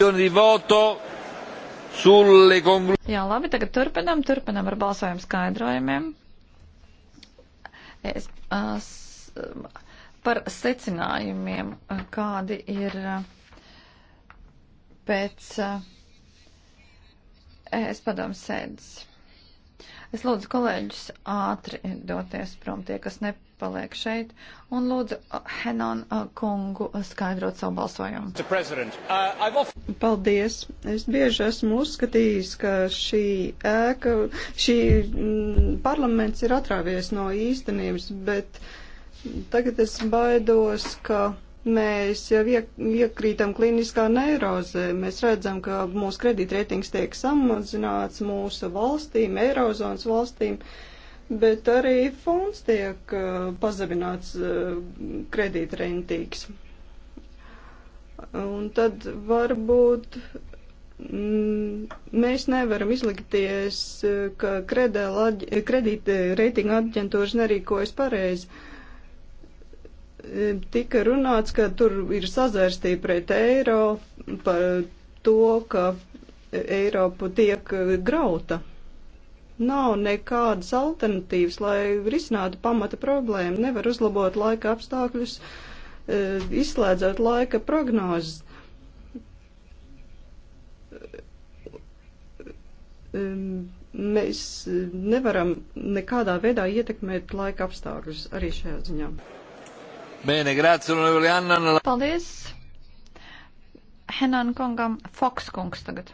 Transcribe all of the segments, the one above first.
Jā, labi, tagad turpinam, turpinam ar balsojumu skaidrojumiem. Es, as, par secinājumiem, kādi ir pēc es padomu sēdes. Es lūdzu kolēģus ātri doties prom tie, kas nepaliek šeit, un lūdzu Henon kungu skaidrot savu balsojumu. Uh, Paldies. Es bieži esmu uzskatījis, ka šī ēka, šī mm, parlaments ir atrāvies no īstenības, bet tagad es baidos, ka Mēs jau iekrītam kliniskā neirozē, mēs redzam, ka mūsu kredītreitings tiek samazināts mūsu valstīm, eirozonas valstīm, bet arī fonds tiek uh, pazemināts uh, kredītreitīgs. Un tad varbūt mm, mēs nevaram izlikties, uh, ka kredītreitinga aģentūras nerīkojas pareizi tika runāts, ka tur ir sazarstība pret eiro par to, ka Eiropu tiek grauta. Nav nekādas alternatīvas, lai risinātu pamata problēmu. Nevar uzlabot laika apstākļus, e, izslēdzot laika prognozes. E, mēs nevaram nekādā veidā ietekmēt laika apstākļus arī šajā ziņā. Bene, grāci, onorevoli Annan. Paldies. Henan kungam, Foks kungs tagad.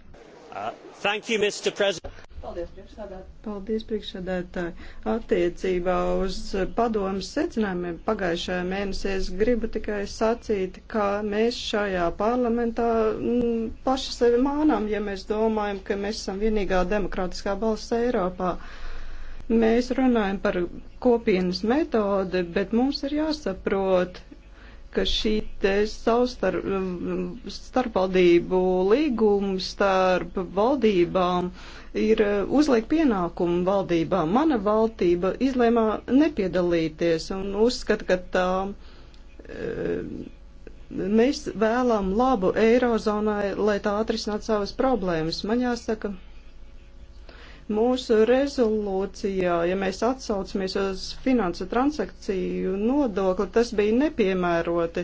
Uh, thank you, Mr. President. Paldies, priekšsādātāji. Paldies, priekšsādātāji. Attiecībā uz padomas secinājumiem pagājušajā mēnesī es gribu tikai sacīt, ka mēs šajā parlamentā m, mm, paši sevi mānām, ja mēs domājam, ka mēs esam vienīgā demokrātiskā balss Eiropā. Uh, Mēs runājam par kopienas metodi, bet mums ir jāsaprot, ka šī savstar, starpvaldību līguma starp valdībām ir eh, uzliek pienākumu valdībām. Mana valdība izlēmā nepiedalīties un uzskata, ka tā. Eh, mēs vēlam labu Eirozonai, lai tā atrisināt savas problēmas. Man jāsaka, Mūsu rezolūcijā, ja mēs atsaucamies uz finansu transakciju nodokli, tas bija nepiemēroti.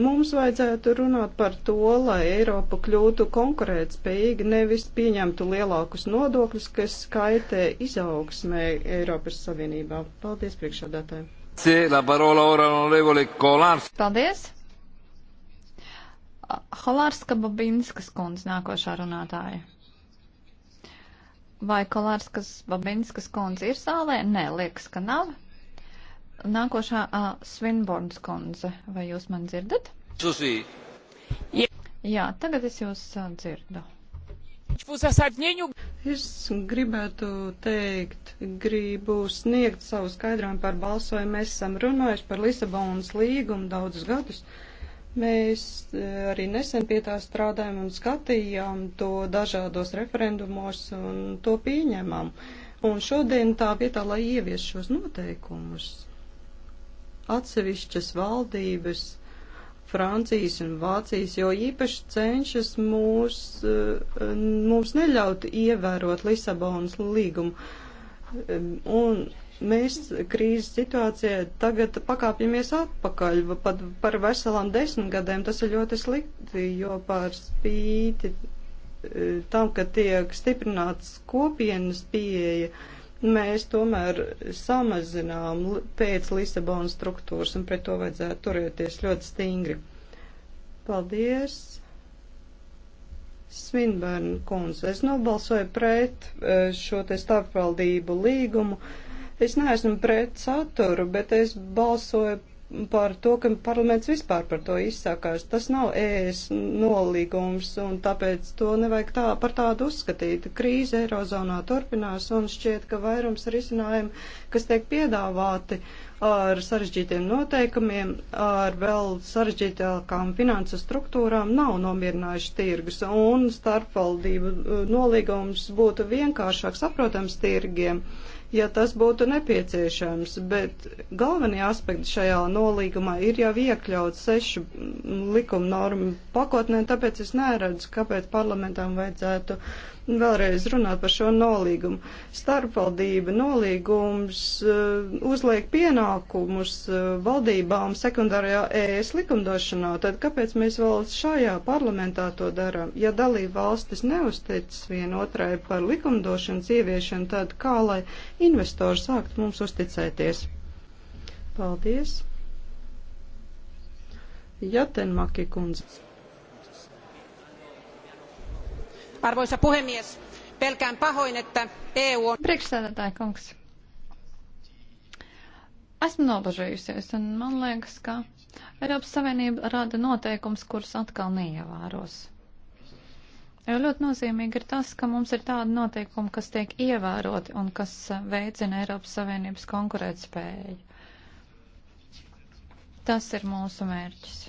Mums vajadzētu runāt par to, lai Eiropa kļūtu konkurētspējīga, nevis pieņemtu lielākus nodokļus, kas kaitē izaugsmē Eiropas Savienībā. Paldies priekšādātājiem! Paldies! Holārska Babinskas kundze nākošā runātāja. Vai Kolārskas Babinskas kundze ir zālē? Nē, liekas, ka nav. Nākošā uh, Svinborns kundze, vai jūs man dzirdat? Susi. Jā, tagad es jūs uh, dzirdu. Es gribētu teikt, gribu sniegt savu skaidrojumu par balsojumu. Mēs esam runājuši par Lisabonas līgumu daudzus gadus. Uh, Mēs e, arī nesen pie tā strādājam un skatījām to dažādos referendumos un to pieņemam. Un šodien tā vietā, lai ievies šos noteikumus, atsevišķas valdības, Francijas un Vācijas, jo īpaši cenšas mūs, e, mums neļaut ievērot Lisabonas līgumu. E, un mēs krīzes situācijā tagad pakāpjamies atpakaļ pat par veselām desmit gadiem. Tas ir ļoti slikti, jo par spīti e, tam, ka tiek stiprināts kopienas pieeja, mēs tomēr samazinām pēc Lisabonas struktūras un pret to vajadzētu turēties ļoti stingri. Paldies! Svinbērna kundze, es nobalsoju pret e, šo te starpvaldību līgumu. Uh, Es neesmu pret saturu, bet es balsoju par to, ka parlaments vispār par to izsakās. Tas nav ēs nolīgums, un tāpēc to nevajag tā, par tādu uzskatīt. Krīze Eirozonā turpinās, un šķiet, ka vairums risinājumu, kas tiek piedāvāti ar sarežģītiem noteikumiem, ar vēl sarežģītākām finansu struktūrām, nav nomierinājuši tirgus, un starpvaldību nolīgums būtu vienkāršāk saprotams tirgiem. Uh, ja tas būtu nepieciešams, bet galvenie aspekti šajā nolīgumā ir jau iekļauts sešu likuma normu pakotnē, tāpēc es neredzu, kāpēc parlamentām vajadzētu vēlreiz runāt par šo nolīgumu. Starpvaldība nolīgums eh, uzliek pienākumus eh, valdībām sekundārajā ES likumdošanā, tad kāpēc mēs vēl šajā parlamentā to darām? Ja dalība valstis neuzticas vienotrai par likumdošanas ieviešanu, tad kā lai investori sākt mums uzticēties. Paldies! Jatenmaki kundze. Arvoisa puhemies, pelkään pahoin, että EU on... Priekšsēdētāja kungs. Esmu nobažījusies, un man liekas, ka Eiropas Savienība rada noteikums, kurus atkal neievēros. Jo ļoti nozīmīgi ir tas, ka mums ir tādi noteikumi, kas tiek ievēroti un kas eh, veicina Eiropas Savienības konkurētspēju. Tas ir mūsu mērķis.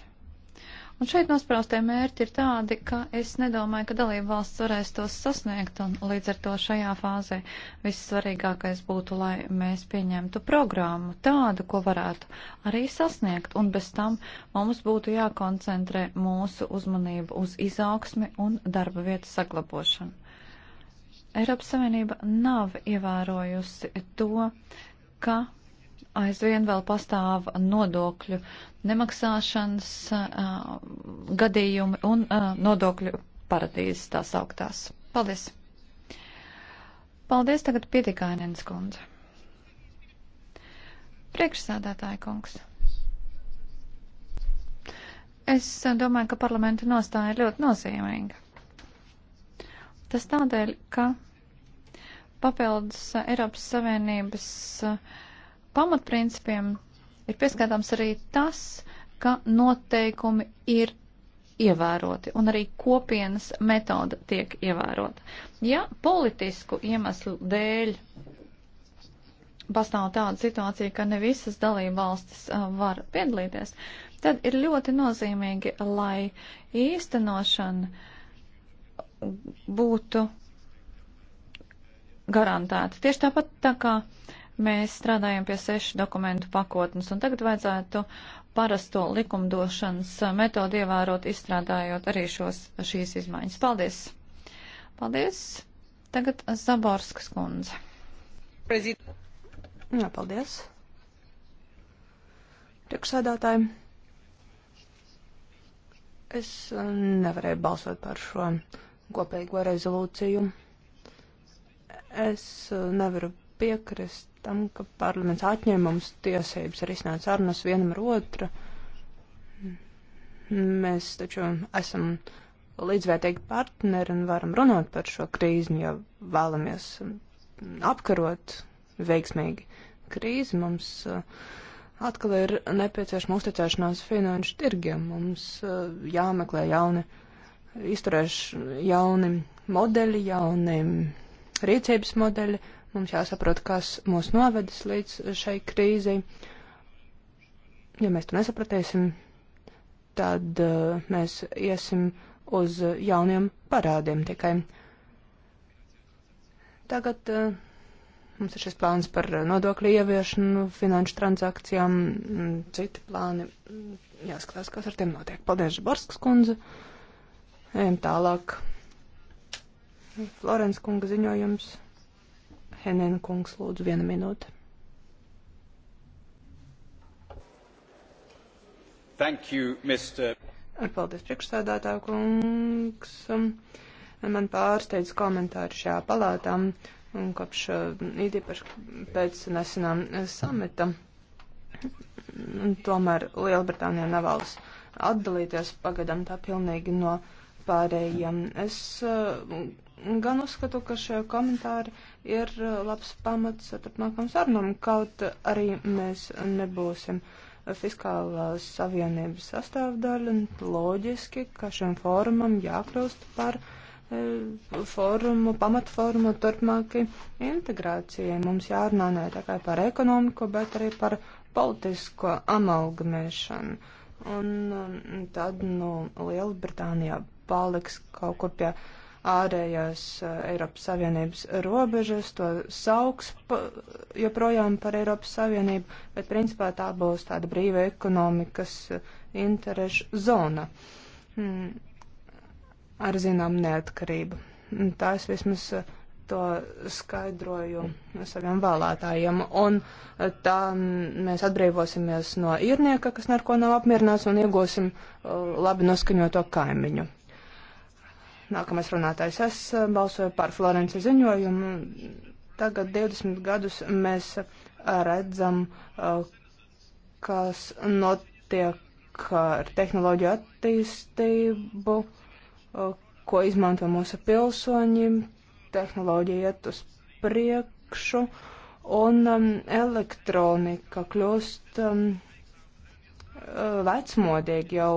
Un šeit nospraustie mērķi ir tādi, ka es nedomāju, ka dalība valsts varēs tos sasniegt, un līdz ar to šajā fāzē vissvarīgākais būtu, lai mēs pieņemtu programmu tādu, ko varētu arī sasniegt, un bez tam mums būtu jākoncentrē mūsu uzmanību uz izaugsmi un darba vietu saglabošanu. Eiropas Savienība nav ievērojusi to, ka aizvien vēl pastāv nodokļu nemaksāšanas uh, gadījumi un uh, nodokļu paradīzes tās augtās. Paldies! Paldies tagad pietikainens kundze. Priekšsādātāja kungs. Es domāju, ka parlamenta nostāja ir ļoti nozīmīga. Tas tādēļ, ka papildus Eiropas Savienības uh, pamatprincipiem ir pieskatāms arī tas, ka noteikumi ir ievēroti un arī kopienas metoda tiek ievērota. Ja politisku iemeslu dēļ pastāv tāda situācija, ka ne visas dalība valstis uh, var piedalīties, tad ir ļoti nozīmīgi, lai īstenošana būtu garantēta. Tieši tāpat tā kā Mēs strādājam pie sešu dokumentu pakotnes, un tagad vajadzētu parasto likumdošanas metodu ievērot, izstrādājot arī šos, šīs izmaiņas. Paldies! Paldies! Tagad Zaborskas kundze. Prezident. Jā, paldies. Priekšsēdātājiem. Es nevarēju balsot par šo kopīgo rezolūciju. Es nevaru piekrist tam, ka parlaments atņēma mums tiesības arī snākt sarunas vienam ar otru. Mēs taču esam līdzvērtīgi partneri un varam runāt par šo krīzi, ja vēlamies apkarot veiksmīgi krīzi. Mums uh, atkal ir nepieciešama uzticēšanās finanšu tirgiem. Mums uh, jāmeklē jauni izturēš, jauni modeļi, jauni rīcības modeļi Mums jāsaprot, kas mūs novedis līdz šai krīzei. Ja mēs to nesapratīsim, tad uh, mēs iesim uz jauniem parādiem tikai. Tagad uh, mums ir šis plāns par nodokļu ieviešanu, finanšu transakcijām, mm, citi plāni. Jāskatās, kas ar tiem notiek. Paldies, Barskas kundze. Ejam tālāk. Florence kunga ziņojums. Henena kungs, lūdzu, viena minūte. Thank you, Mr. Paldies, priekšsēdētā kungs. Man pārsteidz komentāri šajā palātā, kopš uh, īpaši pēc nesenā samita. Tomēr Lielbritānija nevēlas atdalīties pagadam tā pilnīgi no uh, pārējiem. Es uh, gan uzskatu, ka šie komentāri ir uh, labs pamats turpmākam sarunam, kaut arī mēs nebūsim fiskālās savienības sastāvdaļa. Loģiski, ka šim fórumam jākļūst par uh, fórumu, pamatfórumu turpmākai integrācijai. Mums jārunā ne tikai par ekonomiku, bet arī par politisko amalgamēšanu. Un um, tad, nu, Lielbritānijā paliks kaut kur pie ārējās eh, Eiropas Savienības robežas, to sauks pa, joprojām par Eiropas Savienību, bet principā tā būs tāda brīva ekonomikas eh, interešu zona hmm. ar zinām neatkarību. Hmm, tā es vismaz eh, to skaidroju saviem vēlētājiem. Un tā mm, mēs atbrīvosimies no īrnieka, kas neko nav apmierināts, un iegūsim labi noskaņoto kaimiņu. Nākamais runātājs es eh, balsoju par Florenci ziņojumu. Tagad 20 gadus mēs eh, redzam, eh, kas notiek ar tehnoloģiju attīstību, ko izmanto mūsu pilsoņi. Tehnoloģija iet uz priekšu un um, elektronika kļūst um, vecmodīgi jau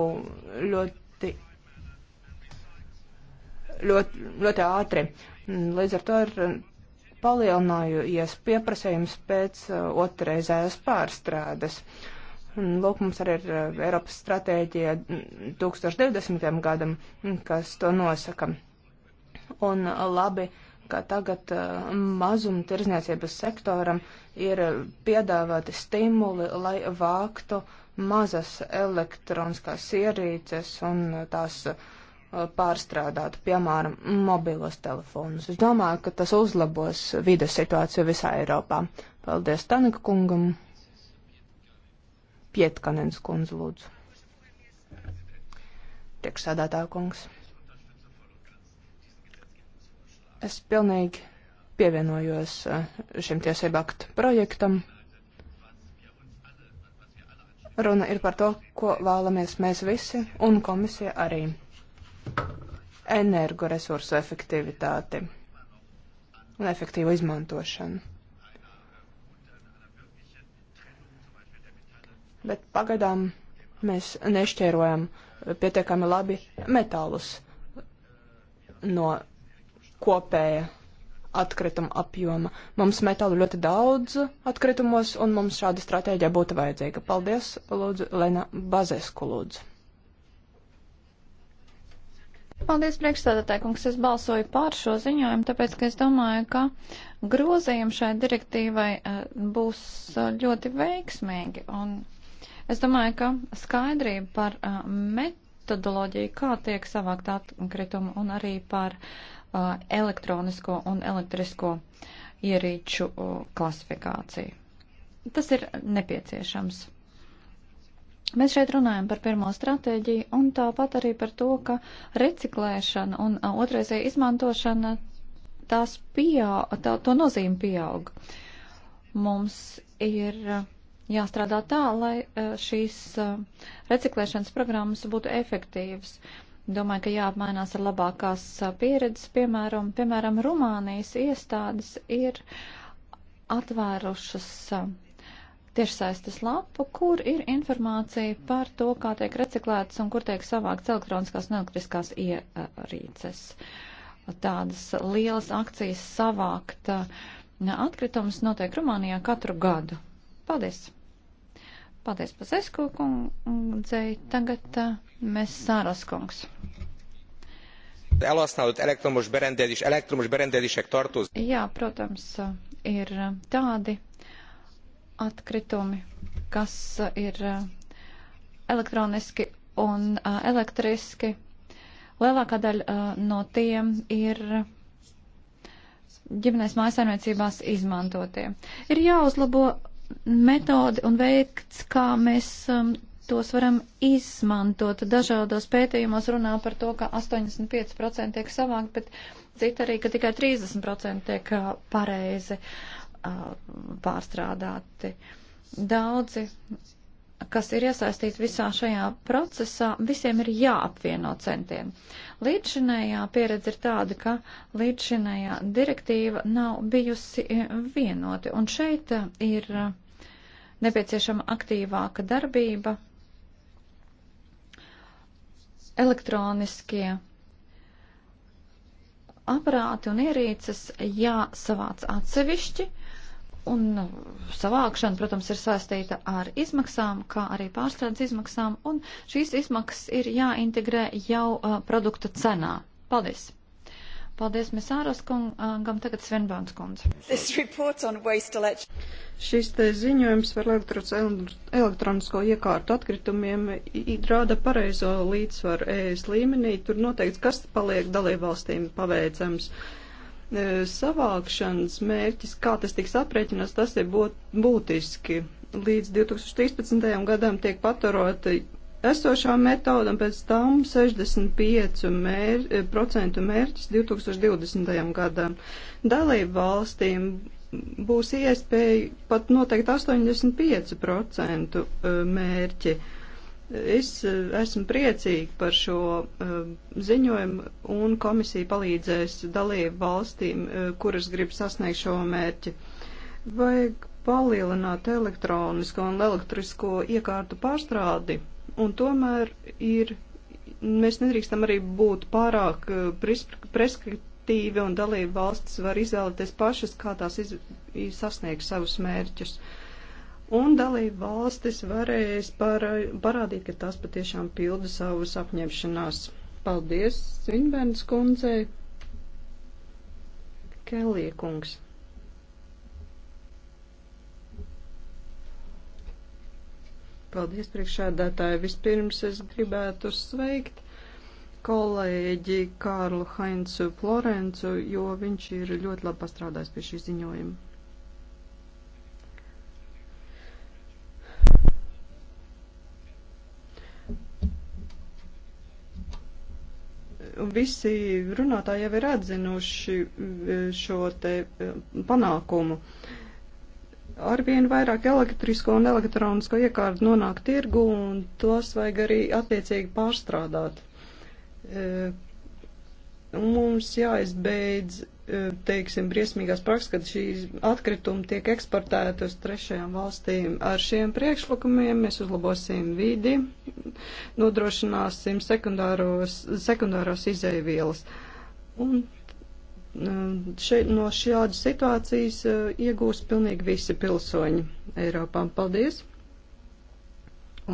ļoti ļoti, ļoti ātri. Līdz ar to ir palielinājies pieprasījums pēc uh, otrreizējās pārstrādes. Lūk, mums arī ir uh, Eiropas stratēģija 2020. gadam, kas to nosaka. Un uh, labi, ka tagad mazumtirdzniecības sektoram ir piedāvāti stimuli, lai vāktu mazas elektroniskās ierīces un tās uh, Uh, pārstrādātu, piemēram, mobilos telefonus. Es domāju, ka tas uzlabos vides situāciju visā Eiropā. Paldies Tanika kungam. Pietkanens kundze lūdzu. Priekšsādātā kungs. Es pilnīgi pievienojos uh, šim tiesību aktu projektam. Runa ir par to, ko vēlamies mēs visi un komisija arī energoresursu efektivitāti un efektīvu izmantošanu. Bet pagaidām mēs nešķērojam pietiekami labi metālus no kopēja atkrituma apjoma. Mums metālu ļoti daudz atkritumos, un mums šāda stratēģija būtu vajadzīga. Paldies, lūdzu, Lena Bazesku, lūdzu. Paldies, priekšstādātāji, kungs. Es balsoju pār šo ziņojumu, tāpēc, ka es domāju, ka grozījumi šai direktīvai eh, būs eh, ļoti veiksmīgi. Un es domāju, ka skaidrība par eh, metodoloģiju, kā tiek savākt atkritumu un arī par elektronisko un elektrisko ierīču klasifikāciju. Tas ir nepieciešams. Mēs šeit runājam par pirmo stratēģiju un tāpat arī par to, ka reciklēšana un otraisē izmantošana tās pieaug, tā, to nozīme pieaug. Mums ir jāstrādā tā, lai šīs reciklēšanas programmas būtu efektīvas. Domāju, ka jāapmainās ar labākās pieredzes, piemēram, piemēram Rumānijas iestādes ir atvērušas tiešsaistes lapu, kur ir informācija par to, kā tiek reciklētas un kur tiek savāktas elektroniskās un elektriskās ierīces. Tādas lielas akcijas savākt uh, atkritumus notiek Rumānijā katru gadu. Paldies! Paldies, Pazesko kundzei. Tagad uh, mēs Sāras kungs elhasználott elektromos berendezés elektromos berendezések tartoz. Jā, protams, uh, ir tādi atkritumi, kas uh, ir uh, elektroniski un uh, elektriski. Lielākā daļa no tiem ir ģimenēs mājasaimniecībās izmantotie. Ir jāuzlabo metodi un veikts, kā mēs um, tos varam izmantot. Dažādos pētījumos runā par to, ka 85% tiek savākt, bet cita arī, ka tikai 30% tiek pareizi Uh, pārstrādāti. Daudzi, kas ir iesaistīti visā šajā procesā, visiem ir jāapvieno centieni. Līdzinējā pieredze ir tāda, ka līdzinējā direktīva nav bijusi e, vienoti, un šeit e, ir e, nepieciešama aktīvāka darbība, elektroniskie aparāti un ierīces jāsavāc atsevišķi Un savākšana, protams, ir saistīta ar izmaksām, kā arī pārstrādes izmaksām, un šīs izmaksas ir jāintegrē jau uh, produkta cenā. Paldies! Paldies, mēs āros kungam, tagad Svenbāns kundze. Šis te ziņojums par elektronisko iekārtu atkritumiem rāda pareizo līdzsvaru ES līmenī. Tur noteikts, kas paliek dalībvalstīm paveicams. Uh, E, savākšanas mērķis, kā tas tiks aprēķināts, tas ir būt, būtiski. Līdz 2013. gadam tiek paturota esošā metoda un pēc tam 65% mēr, e, mērķis 2020. gadam. Dalību valstīm būs iespēja pat noteikt 85% e, mērķi. Uh, Es e, esmu priecīgi par šo e, ziņojumu, un komisija palīdzēs dalību valstīm, e, kuras grib sasniegt šo mērķi. Vajag palielināt elektronisko un elektrisko iekārtu pārstrādi, un tomēr ir, mēs nedrīkstam arī būt pārāk preskriptīvi, un dalību valstis var izvēlēties pašas, kā tās iz, sasniegt savus mērķus. Uh, un dalība valstis varēs par, parādīt, ka tas patiešām pilda savus apņemšanās. Paldies, Svinbērns kundzei. Kellie kungs. Paldies, priekšādātāji. Vispirms es gribētu sveikt kolēģi Kārlu Heinzu Florencu, jo viņš ir ļoti labi pastrādājis pie šī ziņojuma. visi runātāji jau ir atzinuši e, šo te e, panākumu. Arvien vairāk elektrisko un elektronisko iekārtu nonāk tirgu, un tos vajag arī attiecīgi pārstrādāt. E, Mums jāizbeidz E, teiksim, briesmīgās prakses, kad šīs atkritumi tiek eksportēti uz trešajām valstīm. Ar šiem priekšlikumiem mēs uzlabosim vidi, nodrošināsim sekundārās izēvielas. Un e, šeit no šādas situācijas e, iegūs pilnīgi visi pilsoņi Eiropā. Paldies!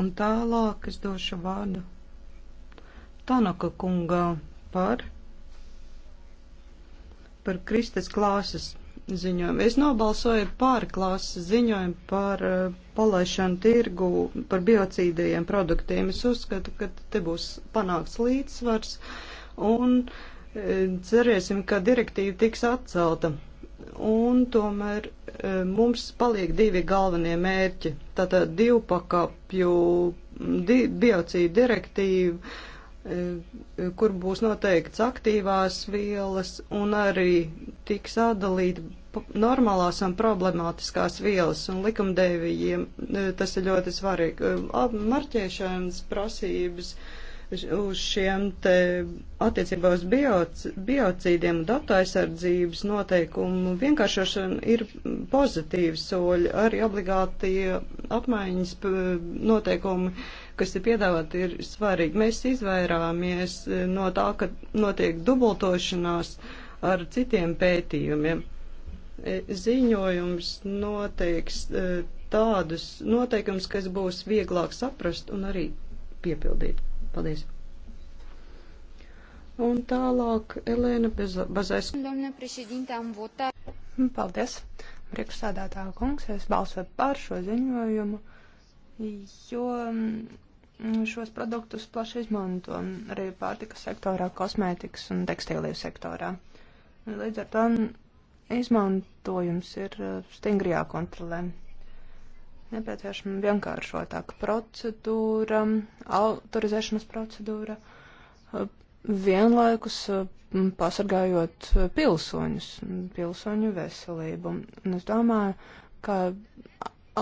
Un tālāk es došu vārdu Tanaka kungā par par Kristes klāsas ziņojumu. Es nobalsoju pār klāsas ziņojumu par uh, eh, palaišanu tirgu par biocīdajiem produktiem. Es uzskatu, ka te būs panāks līdzsvars un uh, cerēsim, ka direktīva tiks atcelta. Un tomēr uh, mums paliek divi galvenie mērķi. Tātad divpakapju di biocīdu direktīva E, kur būs noteikts aktīvās vielas un arī tiks atdalīti normālās un problemātiskās vielas un likumdevējiem. E, tas ir ļoti svarīgi. E, marķēšanas prasības uz šiem te attiecībā uz bioc, biocīdiem un datu aizsardzības noteikumu vienkāršošana ir pozitīvs soļi, arī obligāti apmaiņas noteikumi kas ir piedāvāti, ir svarīgi. Mēs izvairāmies e, no tā, ka notiek dubultošanās ar citiem pētījumiem. E, ziņojums noteiks e, tādus noteikums, kas būs vieglāk saprast un arī piepildīt. Paldies! Un tālāk Elēna Bazēsku. Paldies! Priekšsādātā kungs, es balsoju par šo ziņojumu jo mm, Mm, šos produktus plaši izmanto arī pārtikas sektorā, kosmētikas un tekstīliju sektorā. Līdz ar to izmantojums ir uh, stingri jākontrolē. Nepieciešama vienkāršotāka procedūra, autorizēšanas procedūra, uh, vienlaikus uh, pasargājot pilsoņus, pilsoņu veselību. Un es domāju, ka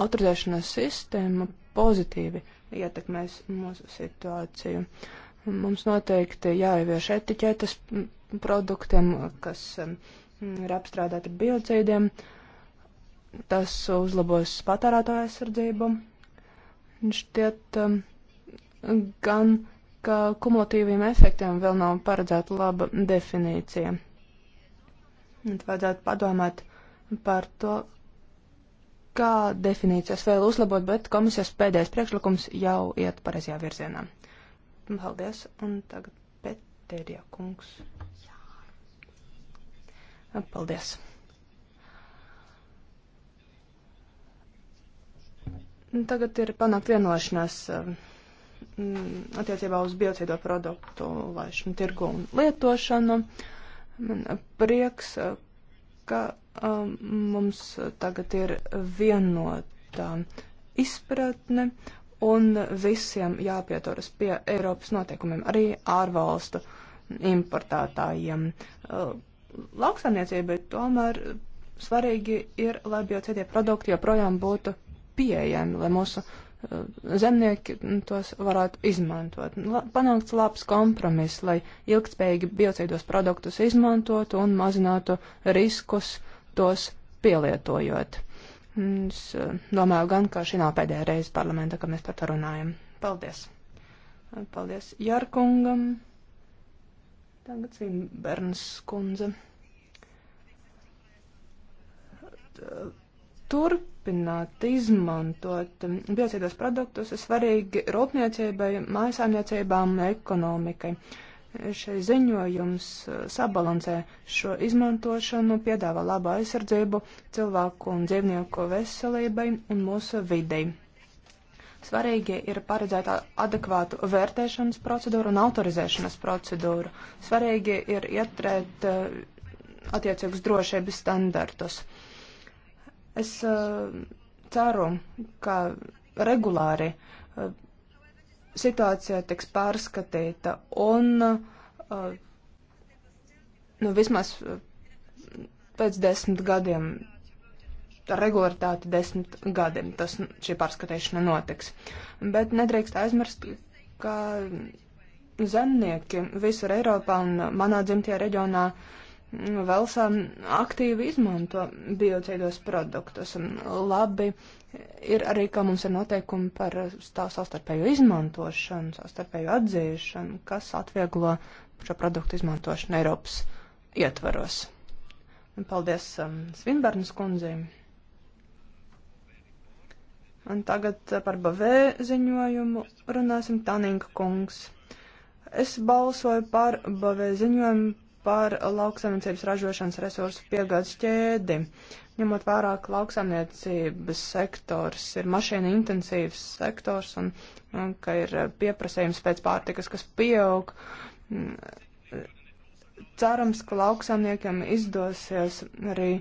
autorizēšanas sistēma pozitīvi uh, ietekmēs mūsu situāciju. Mums noteikti jāievieš etiķetes produktiem, kas um, ir apstrādāti ar biocīdiem. Tas uzlabos patērētāju aizsardzību. Šķiet, um, gan ka kumulatīviem efektiem vēl nav paredzēta laba definīcija. Tad vajadzētu padomāt par to, kā definīcijas vēl uzlabot, bet komisijas pēdējais priekšlikums jau iet pareizajā virzienā. Paldies, un tagad Pēterija kungs. Paldies. Tagad ir panākt vienošanās um, mm, attiecībā uz biocīdo produktu laišanu tirgu un lietošanu. Man prieks, ka Um, mums tagad ir vienotā izpratne un visiem jāpieturas pie Eiropas noteikumiem, arī ārvalstu importētājiem. Uh, Lauksaimniecībai tomēr svarīgi ir, lai biocidie produkti joprojām būtu pieejami, lai mūsu uh, zemnieki tos varētu izmantot. Panākts labs kompromiss, lai ilgtspējīgi biocīdos produktus izmantotu un mazinātu riskus uh, tos pielietojot. Es eh, domāju gan, ka šī nav pēdējā reize parlamenta, ka mēs par to runājam. Paldies! Paldies Jarkungam! Tagad Zimberns kundze. Turpināt izmantot biocīdos produktus ir svarīgi rūpniecībai, mājasāmniecībām, ekonomikai. Uh, Šai ziņojums eh, sabalansē šo izmantošanu, piedāvā labu aizsardzību cilvēku un dzīvnieku veselībai un mūsu videi. Svarīgi ir paredzēt adekvātu vērtēšanas procedūru un autorizēšanas procedūru. Svarīgi ir ietrēt eh, attiecīgus drošības standartus. Es uh, ceru, ka regulāri uh, situācija tiks pārskatīta un uh, nu, vismaz uh, pēc desmit gadiem, regularitāti desmit gadiem tas, šī pārskatīšana notiks. Bet nedrīkst aizmirst, ka zemnieki visur Eiropā un manā dzimtajā reģionā uh, vēlas um, aktīvi izmanto biocīdos produktus. Un labi ir arī, ka mums ir noteikumi par uh, tā sastarpēju izmantošanu, sastarpēju atzīšanu, kas atvieglo šo produktu izmantošanu Eiropas ietvaros. Un paldies um, Svinbērnas kundzei. Un tagad uh, par Bavē ziņojumu runāsim Tanīnka kungs. Es balsoju par Bavē ziņojumu par lauksaimniecības ražošanas resursu piegādes ķēdi. Ņemot vērā, ka lauksaimniecības sektors ir mašīna intensīvs sektors un, un ka ir pieprasījums pēc pārtikas, kas pieaug, mm, cerams, ka lauksaimniekiem izdosies arī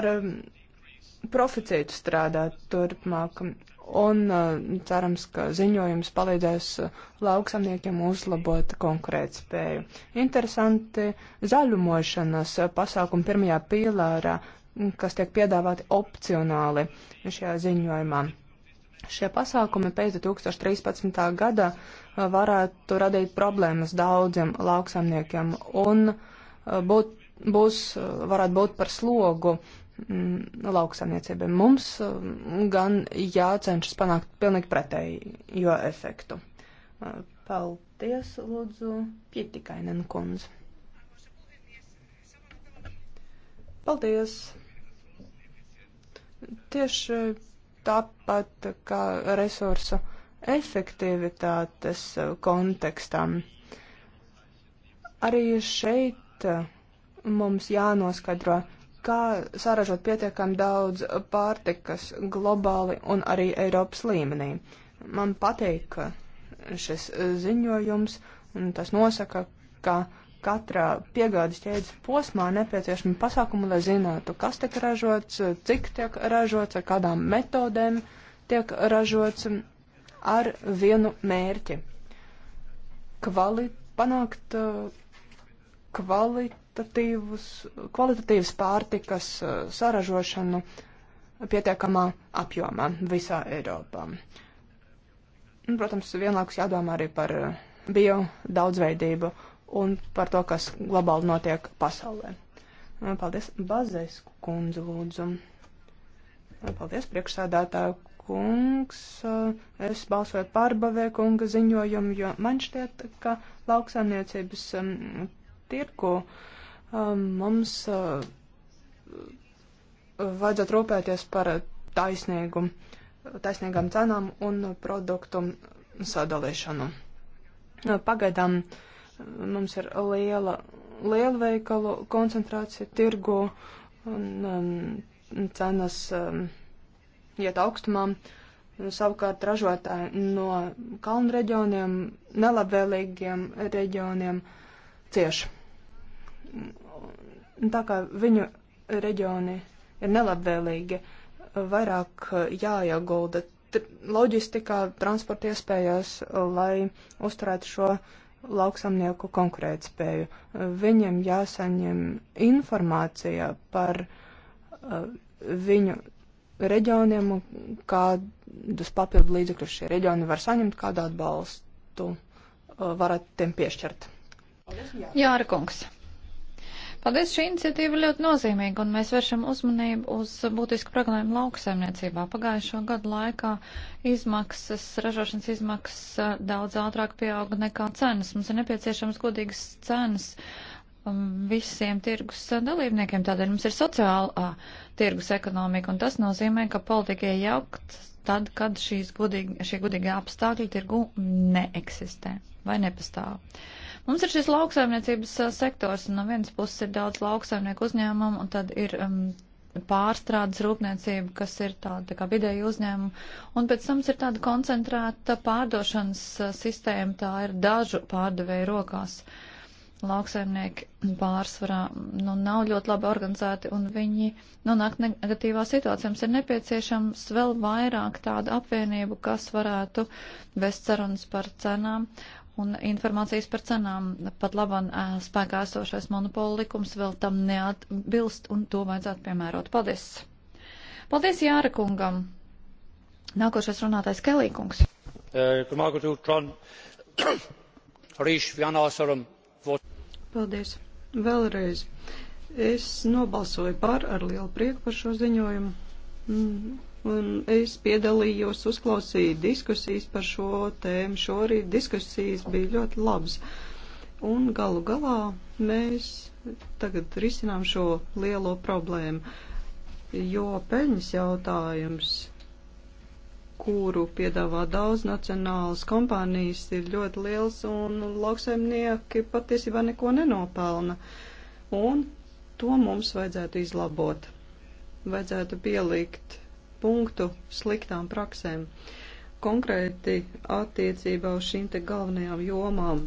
ar mm, proficītu strādāt turpmāk un uh, cerams, ka ziņojums palīdzēs uh, lauksamniekiem uzlabot konkurētspēju. Interesanti zaļumošanas uh, pasākumi pirmajā pīlārā, mm, kas tiek piedāvāti opcionāli šajā ziņojumā. Šie pasākumi pēc 2013. gada varētu radīt problēmas daudziem lauksamniekiem un būt, būs, varētu būt par slogu uh, Mm, lauksaimniecībai. Mums mm, gan jācenšas panākt pilnīgi pretējo efektu. Paldies, lūdzu, Pietikainen kundze. Paldies. Tieši tāpat kā resursu efektivitātes kontekstam. Arī šeit mums jānoskaidro kā saražot pietiekami daudz pārtikas globāli un arī Eiropas līmenī. Man patīk šis ziņojums, un tas nosaka, ka katrā piegādes ķēdes posmā nepieciešami pasākumi, lai zinātu, kas tiek ražots, cik tiek ražots, ar kādām metodēm tiek ražots ar vienu mērķi. Kvali panākt kvalitāti kvalitatīvas pārtikas uh, saražošanu pietiekamā apjomā visā Eiropā. Protams, vienlaikus jādomā arī par uh, bio daudzveidību un par to, kas globāli notiek pasaulē. Paldies, Bazēs kundze, lūdzu. Paldies, priekšsēdētāju kungs. Uh, es balsoju par Bavē kunga ziņojumu, jo man šķiet, ka lauksaimniecības um, tirku. Um, mums vajadzētu rūpēties par taisnīgumu, taisnīgām cenām un produktu sadalīšanu. Pagaidām mums ir liela lielveikalu koncentrācija tirgu un um, cenas um, iet augstumā. Savukārt ražotāji no kalnu reģioniem, nelabvēlīgiem reģioniem cieši Tā kā viņu reģioni ir nelabvēlīgi, vairāk jāiegulda loģistikā, transporta iespējās, lai uzturētu šo lauksamnieku konkurētspēju. Viņiem jāsaņem informācija par uh, viņu reģioniem un kādus papildu līdzekļus šie reģioni var saņemt, kādu atbalstu uh, varat tiem piešķirt. Jā, Jāra kungs. Paldies, šī iniciatīva ļoti nozīmīga, un mēs vēršam uzmanību uz būtisku problēmu lauksaimniecībā. Pagājušo gadu laikā izmaksas, ražošanas izmaksas eh, daudz ātrāk pieauga nekā cenas. Mums ir nepieciešams godīgas cenas um, visiem tirgus eh, dalībniekiem. Tādēļ mums ir sociāla eh, tirgus ekonomika, un tas nozīmē, ka politika iejaukt tad, kad šīs godīgi, šie godīgie apstākļi tirgu neeksistē vai nepastāv. Mums ir šis lauksaimniecības sektors, un no vienas puses ir daudz lauksaimnieku uzņēmumu, un tad ir um, pārstrādes rūpniecība, kas ir tāda tā kā vidēja uzņēmuma, un pēc tam ir tāda koncentrēta pārdošanas sistēma, tā ir dažu pārdevēju rokās. Lauksaimnieki pārsvarā nu, nav ļoti labi organizēti, un viņi nonāk nu, negatīvā situācijā. Mums ir nepieciešams vēl vairāk tādu apvienību, kas varētu vest sarunas par cenām un informācijas par cenām. Pat labam spēkā esošais monopola likums vēl tam neatbilst, un to vajadzētu piemērot. Paldies! Paldies Jāra kungam! Nākošais runātais Kelī kungs. Paldies! Vēlreiz. Es nobalsoju par ar lielu prieku par šo ziņojumu. Mm Un es piedalījos, uzklausīju diskusijas par šo tēmu. Šorīt diskusijas bija ļoti labas. Un galu galā mēs tagad risinām šo lielo problēmu, jo peļņas jautājums, kuru piedāvā daudz nacionālas kompānijas, ir ļoti liels un lauksaimnieki patiesībā neko nenopelna. Un to mums vajadzētu izlabot. Vajadzētu pielikt punktu sliktām praksēm, konkrēti attiecībā uz šīm te galvenajām jomām.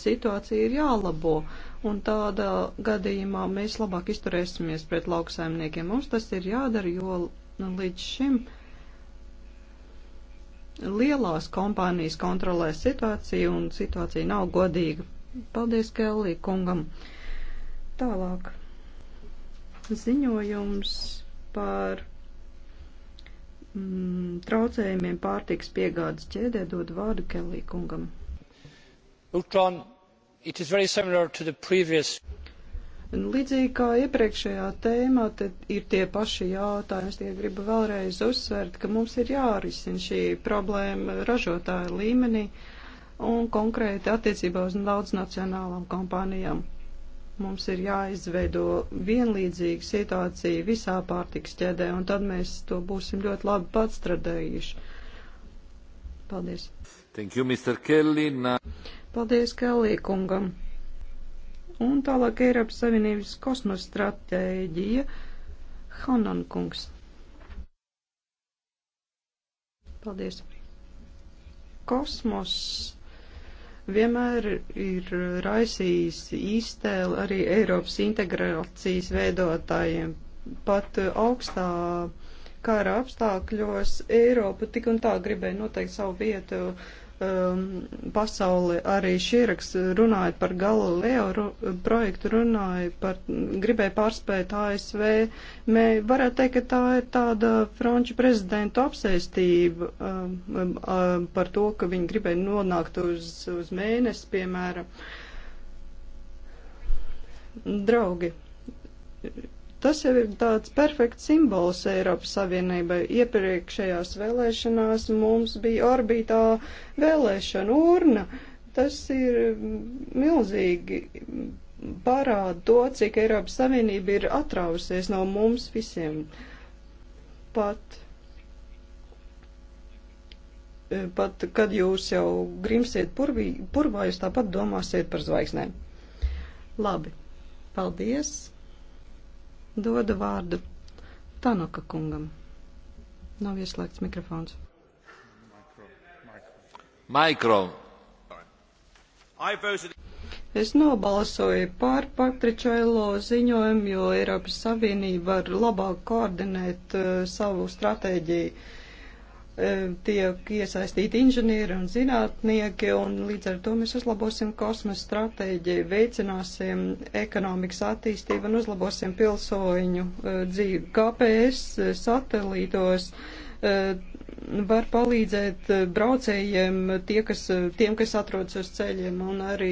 Situācija ir jālabo, un tādā gadījumā mēs labāk izturēsimies pret lauksaimniekiem. Mums tas ir jādara, jo nu, līdz šim lielās kompānijas kontrolē situāciju, un situācija nav godīga. Paldies, Kellī kungam. Tālāk. Ziņojums par mm, traucējumiem pārtiks piegādes ķēdē dod vārdu Kellī kungam. Ultron, Līdzīgi kā iepriekšējā tēmā, tad ir tie paši jautājumi. Es tikai gribu vēlreiz uzsvērt, ka mums ir jārisina šī problēma ražotāju līmenī un konkrēti attiecībā uz daudz nacionālām kompānijām. Mums ir jāizveido vienlīdzīga situācija visā pārtiks ķēdē, un tad mēs to būsim ļoti labi patstradējuši. Paldies. Thank you, Mr. Kelly. Now... Paldies, Kelly kungam. Un tālāk Eiropas Savienības kosmostratēģija Hanan kungs. Paldies. Kosmos vienmēr ir raisījis iztēli arī Eiropas integrācijas veidotājiem. Pat augstā kara apstākļos Eiropa tik un tā gribēja noteikt savu vietu um, pasauli. Arī Šīraks runāja par Galileo ru, projektu, runāja par, gribēja pārspēt ASV. Mēs varētu teikt, ka tā ir tāda franču prezidentu apsēstība um, um, um, par to, ka viņi gribēja nonākt uz, uz mēnesi, piemēram. Draugi, Tas jau ir tāds perfekts simbols Eiropas Savienībai. Iepriekšējās vēlēšanās mums bija orbītā vēlēšana urna. Tas ir milzīgi parāda to, cik Eiropas Savienība ir atrausies no mums visiem. Pat pat kad jūs jau grimsiet purvī, purvā, jūs tāpat domāsiet par zvaigznēm. Labi, paldies! dodu vārdu Tanoka kungam. Nav ieslēgts mikrofons. Mikro. Es nobalsoju pār Patričailo ziņojumu, jo Eiropas Savienība var labāk koordinēt uh, savu stratēģiju. Uh, E, tiek iesaistīti inženieri un zinātnieki, un līdz ar to mēs uzlabosim kosmosa stratēģiju, veicināsim ekonomikas attīstību un uzlabosim pilsoņu e, dzīvi. GPS e, satelītos var palīdzēt braucējiem, tie, kas, tiem, kas atrodas uz ceļiem, un arī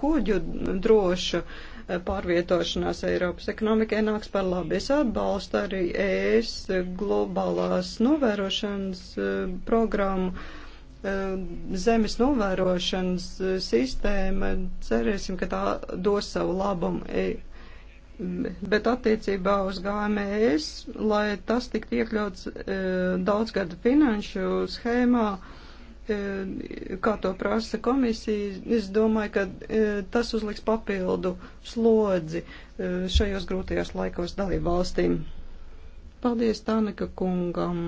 kuģu drošu pārvietošanās Eiropas ekonomikai nāks par labi. Es atbalstu arī ES globālās novērošanas e, programmu e, zemes novērošanas e, sistēma, cerēsim, ka tā dos savu labumu. Bet attiecībā uz GMS, lai tas tiktu iekļauts daudzgada finanšu schēmā, Eh, kā to prasa komisija, es domāju, ka eh, tas uzliks papildu slodzi eh, šajos grūtajos laikos dalību valstīm. Paldies Tānika kungam.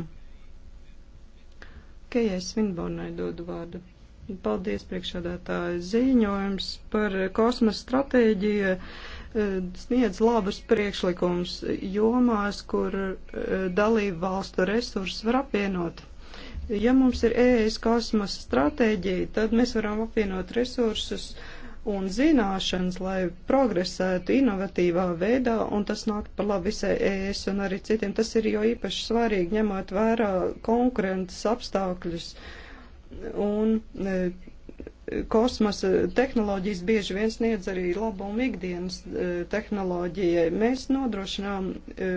Kejai Svinbornai dodu vārdu. Paldies priekšādātāji. Ziņojums par kosmosa stratēģiju sniedz labus priekšlikums jomās, kur dalību valstu resursus var apvienot Ja mums ir ES kosmosa stratēģija, tad mēs varam apvienot resursus un zināšanas, lai progresētu inovatīvā veidā, un tas nāk par labu visai ES un arī citiem. Tas ir jo īpaši svarīgi, ņemot vērā konkurences apstākļus. Un e, kosmosa tehnoloģijas bieži vien sniedz arī labumu ikdienas e, tehnoloģijai. Mēs nodrošinām e,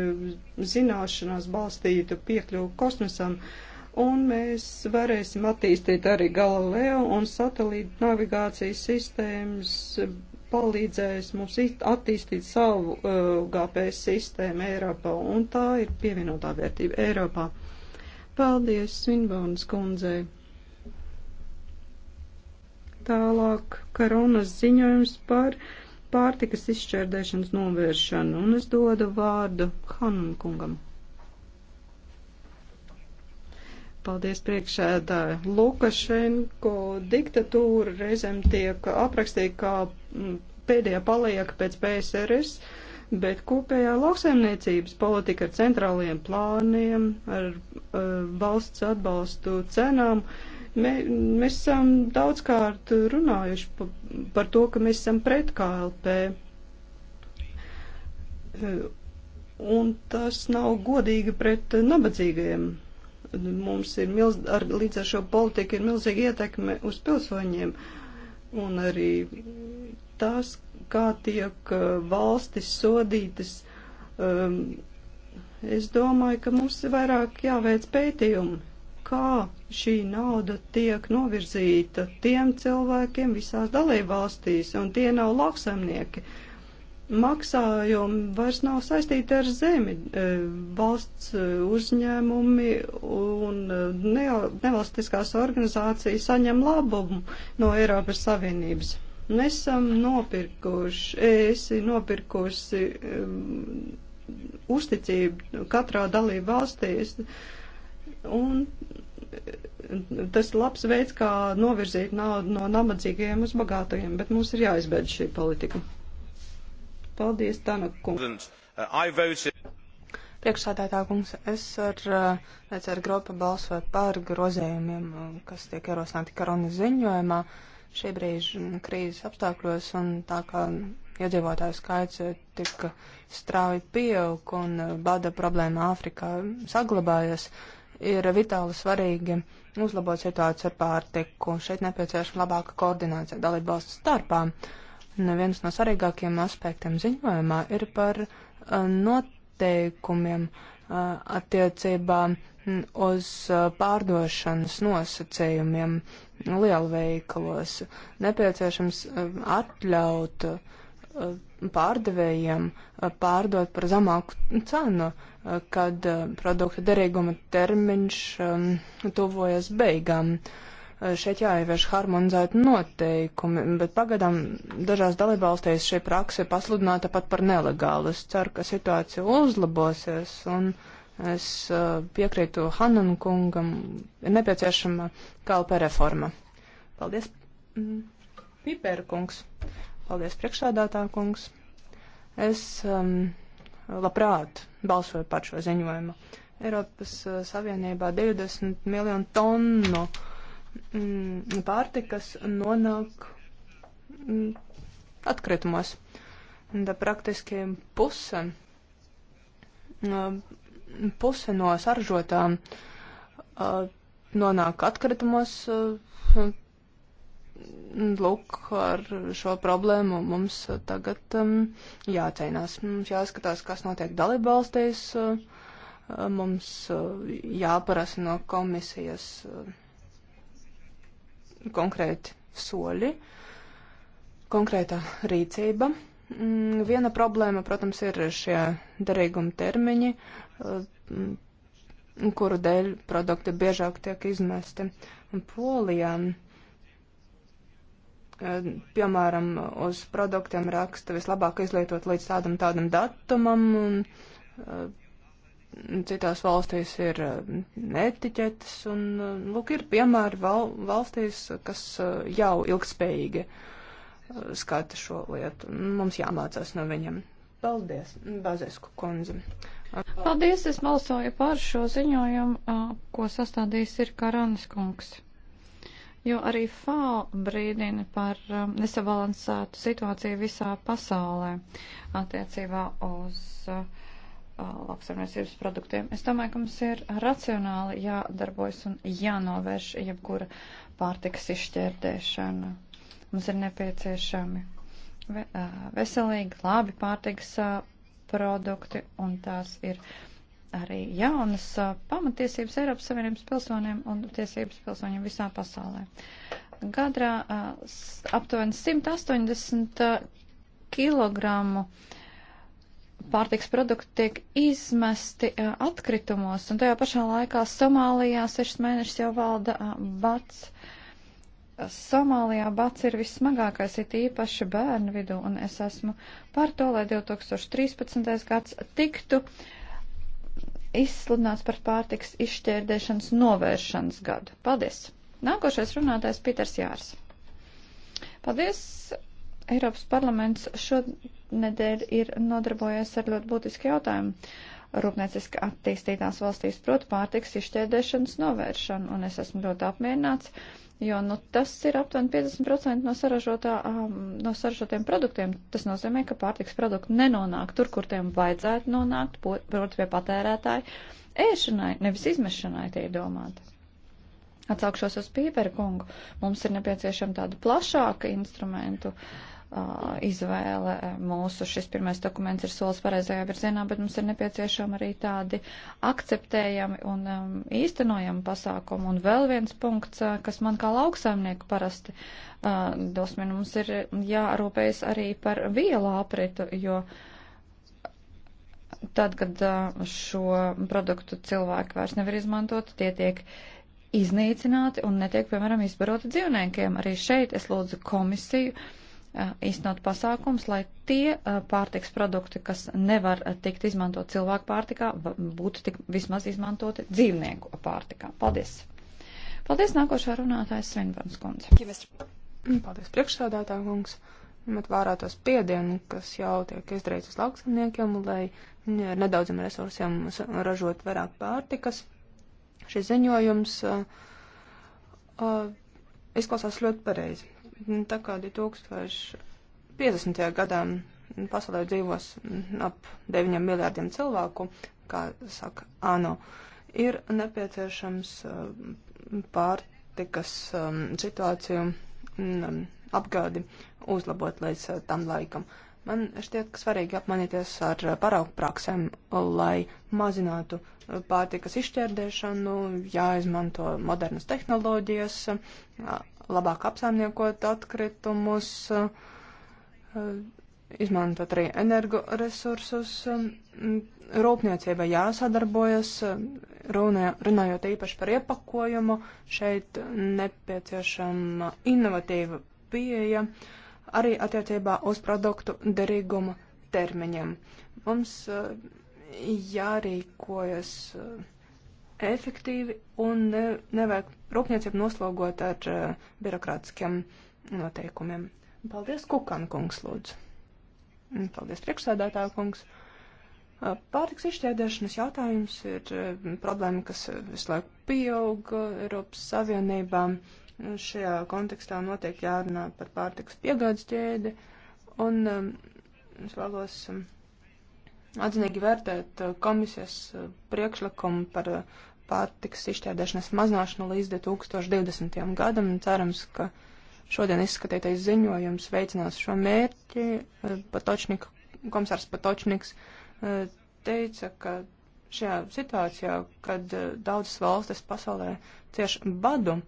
zināšanās balstītu piekļuvu kosmosam. E, un mēs varēsim attīstīt arī Galileo un satelītu navigācijas sistēmas palīdzējis mums attīstīt savu uh, GPS sistēmu Eiropā, un tā ir pievienotā vērtība Eiropā. Paldies Svinbaunas kundzei. Tālāk Karonas ziņojums par pārtikas izšķērdēšanas novēršanu, un es dodu vārdu Hanun kungam. Paldies priekšēdāji. Lukašenko diktatūra reizēm tiek aprakstīta kā mm, pēdējā palieka pēc PSRS, bet kopējā lauksaimniecības politika ar centrāliem plāniem, ar uh, valsts atbalstu cenām. Mē, mēs esam daudzkārt runājuši pa, par to, ka mēs esam pret KLP. Uh, eh, un tas nav godīgi pret nabadzīgajiem. Uh, mums ir milz, ar, līdz ar šo politiku ir milzīga ietekme uz pilsoņiem. Un arī tas, kā tiek uh, valstis sodītas, um, es domāju, ka mums ir vairāk jāveic pētījumi, kā šī nauda tiek novirzīta tiem cilvēkiem visās dalībvalstīs, un tie nav lauksaimnieki. Uh, maksājumi vairs nav saistīti ar zemi. E, valsts e, uzņēmumi un e, nevalstiskās organizācijas saņem labumu no Eiropas Savienības. Nesam nopirkuši, esi nopirkusi um, uzticību katrā dalību valstīs. Un tas labs veids, kā novirzīt naudu no nabadzīgajiem uz bagātajiem, bet mums ir jāizbeidz šī politika. Paldies, Tanakungs. Priekšsādātā uh, kungs, es ar uh, ECR grupu balsoju par grozējumiem, uh, kas tiek ierosināti karonas ziņojumā šī brīža krīzes apstākļos, un tā kā iedzīvotāju skaits tik strauji pieaug un bada problēma Āfrikā saglabājas, ir vitāli svarīgi uzlabot situāciju ar pārtiku. Šeit nepieciešama labāka koordinācija dalībvalstu starpā. Uh, Nu, viens no svarīgākajiem aspektiem ziņojumā ir par uh, noteikumiem uh, attiecībā mm, uz uh, pārdošanas nosacījumiem lielveikalos. Nepieciešams atļaut pārdevējiem pārdot par zemāku cenu, kad produkta derīguma termiņš um, tuvojas beigām. Uh, Šeit jāievieš harmonizēti noteikumi, bet pagaidām dažās dalībvalstīs šī praksa ir pasludināta pat par nelegālu. Es ceru, ka situācija uzlabosies un es uh, piekrītu Hanan kungam, ir nepieciešama kalpa reforma. Paldies, mm, Pipēra kungs. Paldies, priekšādātā kungs. Es um, labprāt balsoju par šo ziņojumu. Eiropas uh, Savienībā 20 miljonu tonu Mm, pārtikas nonāk mm, atkritumos. Da praktiski puse, mm, puse no saržotām nonāk atkritumos. Lūk, ar šo problēmu mums tagad um, jācīnās. Mums jāskatās, kas notiek dalībvalstīs. Uh, mums uh, jāparasa no komisijas. Uh, konkrēti soļi, konkrēta rīcība. Mm, viena problēma, protams, ir šie derīguma termiņi, eh, kuru dēļ produkti biežāk tiek izmesti. Polijā, eh, piemēram, uz produktiem raksta vislabāk izlietot līdz tādam tādam datumam, un eh, citās valstīs ir eh, etiķetes, un eh, lūk, ir piemēri val, valstīs, kas eh, jau ilgspējīgi skata šo lietu. Mums jāmācās no viņiem. Paldies, Bazesku kundze. Paldies, es balsoju par šo ziņojumu, ko sastādījis ir Karanis kungs. Jo arī FAO brīdina par nesabalansētu situāciju visā pasaulē attiecībā uz uh, Uh, lauksaimniecības produktiem. Es domāju, ka mums ir racionāli jādarbojas un jānovērš jebkura pārtikas izšķērdēšana. Mums ir nepieciešami uh, veselīgi, labi pārtikas uh, produkti un tās ir arī jaunas pamatiesības Eiropas Savienības pilsoniem un tiesības pilsoņiem visā pasaulē. Gadrā aptuveni 180 kilogramu uh, pārtiks produkti tiek izmesti atkritumos, un tajā pašā laikā Somālijā sešas mēnešus jau valda bats. Somālijā bats ir vissmagākais, it īpaši bērnu vidū, un es esmu par to, lai 2013. gads tiktu izsludināts par pārtiks izšķērdēšanas novēršanas gadu. Paldies! Nākošais runātājs Pīters Jārs. Paldies! Eiropas parlaments šonedēļ ir nodarbojies ar ļoti būtisku jautājumu. Rūpnieciski attīstītās valstīs prot pārtiks izšķēdēšanas novēršanu, un es esmu ļoti apmierināts, jo nu, tas ir aptuveni 50% no, saražotā, um, no saražotiem produktiem. Tas nozīmē, ka pārtiks produkti nenonāk tur, kur tiem vajadzētu nonākt, proti pie patērētāju ēšanai, nevis izmešanai tie domāti. Atsaukšos uz Pīpera kungu. Mums ir nepieciešama tāda plašāka instrumentu uh, uh, izvēle. Mūsu šis pirmais dokuments ir solis pareizajā virzienā, bet mums ir nepieciešama arī tādi akceptējami un um, īstenojami pasākumi. Un vēl viens punkts, kas man kā lauksaimnieku parasti uh, dosmin, mums ir jārūpējas arī par vielu apritu, jo tad, kad uh, šo produktu cilvēki vairs nevar izmantot, tie tiek iznīcināti un netiek, piemēram, izbaroti dzīvniekiem. Arī šeit es lūdzu komisiju uh, īstenot uh, pasākums, lai tie uh, pārtiks produkti, kas nevar uh, tikt izmantot cilvēku pārtikā, būtu tik vismaz izmantoti dzīvnieku pārtikā. Paldies! Paldies nākošā runātāja Svinbrams kundze. Mm, paldies priekšsādātā kungs. Ņemot vērā tos piedienu, kas jau tiek izdarīts uz lauksamniekiem, lai mm, ar nedaudziem resursiem ražot vairāk pārtikas. Šis ziņojums uh, uh, izklausās ļoti pareizi Mm, tā kā 2050. gadā pasaulē dzīvos ap 9 miljārdiem cilvēku, kā saka ANO, ir nepieciešams uh, pārtikas um, situāciju mm, um, apgādi uzlabot līdz uh, tam laikam. Man šķiet, ka svarīgi apmainīties ar uh, paraugu praksēm, lai mazinātu pārtikas izšķērdēšanu, jāizmanto modernas tehnoloģijas, labāk apsaimniekot atkritumus, eh, izmantot arī energoresursus. Eh, rūpniecība jāsadarbojas, eh, runājot īpaši par iepakojumu, šeit nepieciešama inovatīva pieeja arī attiecībā uz produktu derīguma termiņiem. Mums jārīkojas. Uh, efektīvi un ne, nevajag rūpniecību noslogot ar uh, birokrātiskiem noteikumiem. Paldies, Kukan kungs, lūdzu. Paldies, priekšsēdētā kungs. Eh, pārtiks izšķērdēšanas jautājums ir eh, problēma, kas visu laiku pieaug Eiropas Savienībā. Šajā kontekstā noteikti jārunā par pārtiks piegādes ķēdi. Un es vēlos atzinīgi vērtēt komisijas priekšlikumu par pārtiks izšķērdēšanas mazināšanu līdz 2020. gadam. Cerams, ka šodien izskatītais ziņojums veicinās šo mērķi. Eh, Patočnik, komisārs Patočniks eh, teica, ka šajā situācijā, kad eh, daudzas valstis pasaulē cieši badu,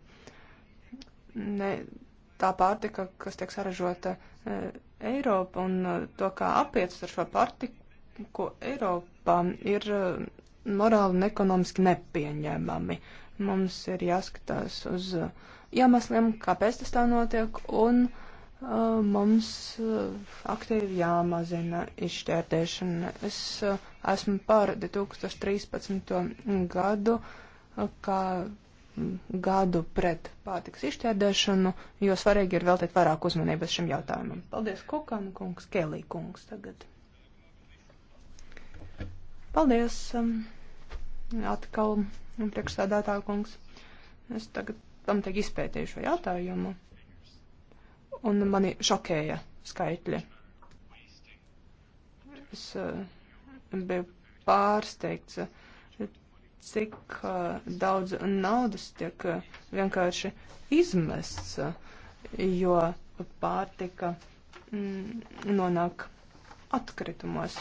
ne, tā pārtika, kas tiek saražota Eiropa un to, kā apiet ar šo pārtiku, ko Eiropā ir morāli un ekonomiski nepieņemami. Mums ir jāskatās uz uh, iemesliem, kāpēc tas tā notiek, un uh, mums uh, aktīvi jāmazina izšķērdēšana. Es uh, esmu par 2013. gadu, uh, kā mm, gadu pret pārtiks izšķērdēšanu, jo svarīgi ir veltīt vairāk uzmanības šim jautājumam. Paldies, Kukan kungs, Kelī kungs tagad. Paldies. Um, atkal nu, priekšsēdētā kungs. Es tagad tam tiek izpētīju šo jautājumu, un mani šokēja skaitļi. Es eh, biju pārsteigts, cik eh, daudz naudas tiek eh, vienkārši izmests, jo pārtika mm, nonāk atkritumos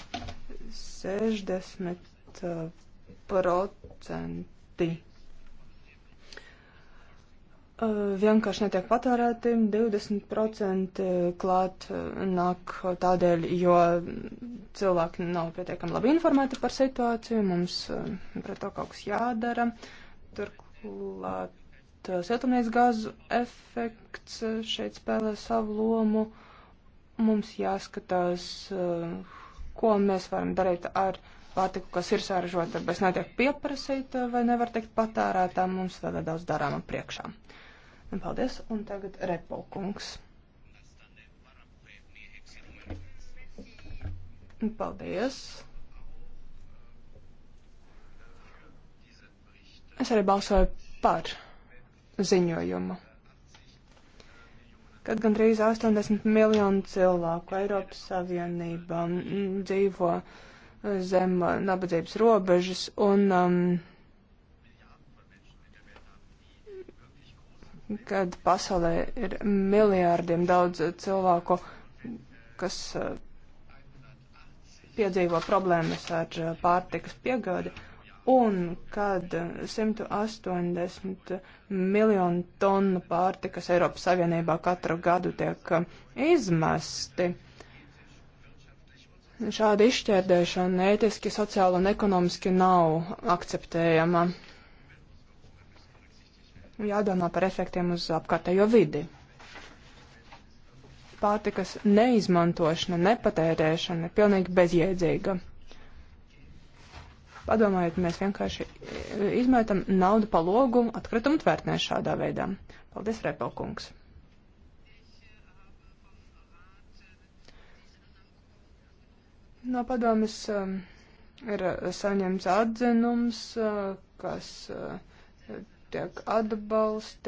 60 procenti vienkārši netiek patērēti, 20% klāt nāk tādēļ, jo cilvēki nav pietiekami labi informēti par situāciju, mums pret to kaut kas jādara. Turklāt siltumnīcas gāzu efekts šeit spēlē savu lomu. Mums jāskatās, ko mēs varam darīt ar. Uh, pārtiku, kas ir sāražota, bet netiek pieprasīta vai nevar teikt patērētā, mums vēl ir daudz darāma priekšā. Un paldies, un tagad repaukungs. Paldies. Es arī balsoju par ziņojumu. Kad gandrīz 80 miljonu cilvēku Eiropas Savienībā mm, dzīvo uh, zem uh, nabadzības robežas un um, kad pasaulē ir miljārdiem daudz uh, cilvēku, kas uh, piedzīvo problēmas ar pārtikas piegādi, un kad 180 miljonu tonu pārtikas Eiropas Savienībā katru gadu tiek izmesti, Šāda izšķērdēšana ētiski, sociāli un ekonomiski nav akceptējama. Jādomā par efektiem uz apkārtējo vidi. Pārtikas neizmantošana, nepatērēšana ir pilnīgi bezjēdzīga. Padomājiet, mēs vienkārši e, e, izmētam naudu pa logu atkritumu tvērtnē šādā veidā. Paldies, Repelkungs! No padomas um, ir uh, saņemts atzinums, uh, kas uh, tiek atbalstīts.